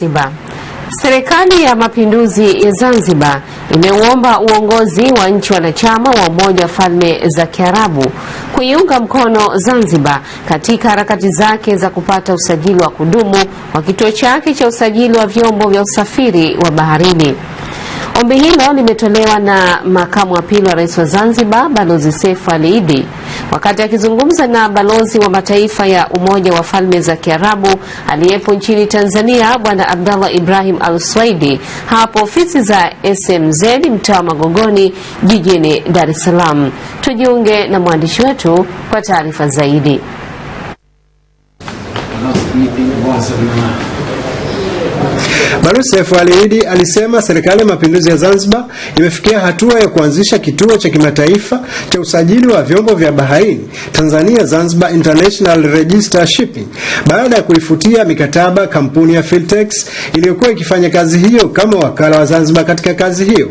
Zanzibar. Serikali ya Mapinduzi ya Zanzibar imeuomba uongozi wa nchi wanachama wa Umoja wa Falme za Kiarabu kuiunga mkono Zanzibar katika harakati zake za kupata usajili wa kudumu wa kituo chake cha usajili wa vyombo vya usafiri wa baharini. Ombi hilo limetolewa na makamu wa pili wa rais wa Zanzibar Balozi Seif Ali Iddi wakati akizungumza na balozi wa mataifa ya Umoja wa Falme za Kiarabu aliyepo nchini Tanzania Bwana Abdallah Ibrahim Al Swaidi hapo ofisi za SMZ mtaa wa Magogoni jijini Dar es Salaam. Tujiunge na mwandishi wetu kwa taarifa zaidi. Baru Seif Ali Iddi alisema Serikali ya Mapinduzi ya Zanzibar imefikia hatua ya kuanzisha kituo cha kimataifa cha usajili wa vyombo vya baharini Tanzania Zanzibar International Register Shipping baada ya kuifutia mikataba kampuni ya Filtex iliyokuwa ikifanya kazi hiyo kama wakala wa Zanzibar katika kazi hiyo.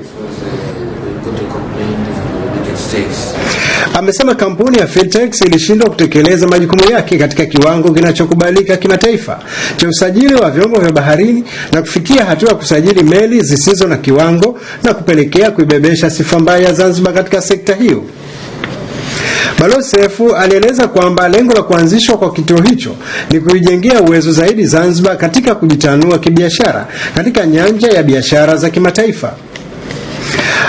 amesema kampuni ya Fintex ilishindwa kutekeleza majukumu yake katika kiwango kinachokubalika kimataifa cha usajili wa vyombo vya baharini na kufikia hatua ya kusajili meli zisizo na kiwango na kupelekea kuibebesha sifa mbaya ya Zanzibar katika sekta hiyo. Balozi alieleza kwamba lengo la kuanzishwa kwa kituo hicho ni kuijengea uwezo zaidi Zanzibar katika kujitanua kibiashara katika nyanja ya biashara za kimataifa.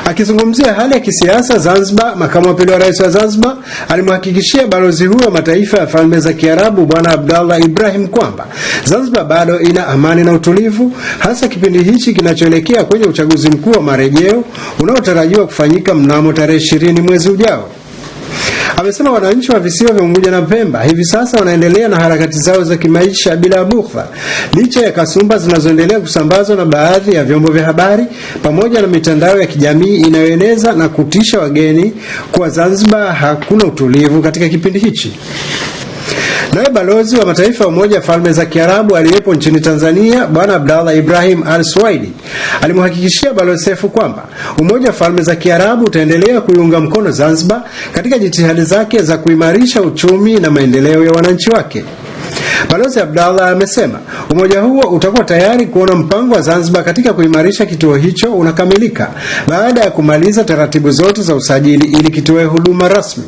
Akizungumzia hali ya kisiasa Zanzibar, makamu wa pili wa rais wa Zanzibar alimhakikishia balozi huyo wa mataifa ya falme za Kiarabu Bwana Abdallah Ibrahim kwamba Zanzibar bado ina amani na utulivu, hasa kipindi hichi kinachoelekea kwenye uchaguzi mkuu wa marejeo unaotarajiwa kufanyika mnamo tarehe ishirini mwezi ujao. Amesema wananchi wa visiwa vya Unguja na Pemba hivi sasa wanaendelea na harakati zao za kimaisha bila bughfa licha ya kasumba zinazoendelea kusambazwa na baadhi ya vyombo vya habari pamoja na mitandao ya kijamii inayoeneza na kutisha wageni kuwa Zanzibar hakuna utulivu katika kipindi hichi. Naye balozi wa mataifa ya Umoja Falme za Kiarabu aliyepo nchini Tanzania Bwana Abdallah Ibrahim Al Swaidi alimhakikishia Balozi Sefu kwamba Umoja wa Falme za Kiarabu utaendelea kuiunga mkono Zanzibar katika jitihada zake za kuimarisha uchumi na maendeleo ya wananchi wake. Balozi Abdallah amesema umoja huo utakuwa tayari kuona mpango wa Zanzibar katika kuimarisha kituo hicho unakamilika baada ya kumaliza taratibu zote za usajili ili kitoe huduma rasmi.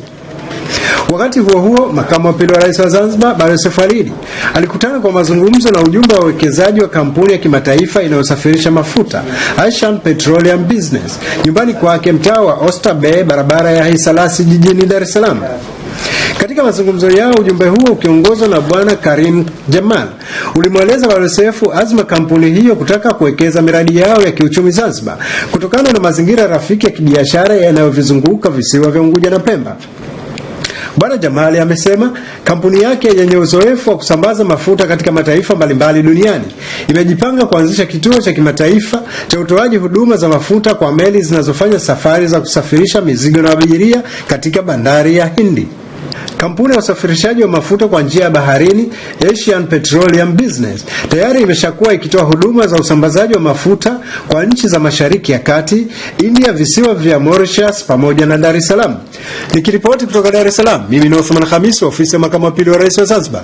Wakati huo huo, makamu wa pili wa rais wa Zanzibar Barrios alidi alikutana kwa mazungumzo na ujumbe wa wawekezaji wa kampuni ya kimataifa inayosafirisha mafuta Ashan Petroleum Business nyumbani kwake mtaa wa Oyster Bay, barabara ya Hisalasi jijini Dar es Salaam. Katika mazungumzo yao, ujumbe huo ukiongozwa na Bwana Karim Jamal ulimweleza Barosefu azma kampuni hiyo kutaka kuwekeza miradi yao ya kiuchumi Zanzibar kutokana na mazingira rafiki ya kibiashara yanayovizunguka visiwa vya Unguja na Pemba. Bwana Jamali amesema kampuni yake yenye uzoefu wa kusambaza mafuta katika mataifa mbalimbali duniani imejipanga kuanzisha kituo cha kimataifa cha utoaji huduma za mafuta kwa meli zinazofanya safari za kusafirisha mizigo na abiria katika bandari ya Hindi. Kampuni ya usafirishaji wa mafuta kwa njia ya baharini Asian Petroleum Business tayari imeshakuwa ikitoa huduma za usambazaji wa mafuta kwa nchi za Mashariki ya Kati, India, visiwa vya Mauritius pamoja na Dar es Salaam. Nikiripoti kutoka Dar es Salaam, mimi ni Othman Khamis, ofisi ya makamu wa pili wa rais wa Zanzibar.